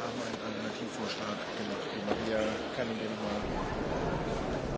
haben einen Alternativvorschlag gemacht. den Maria kann ihn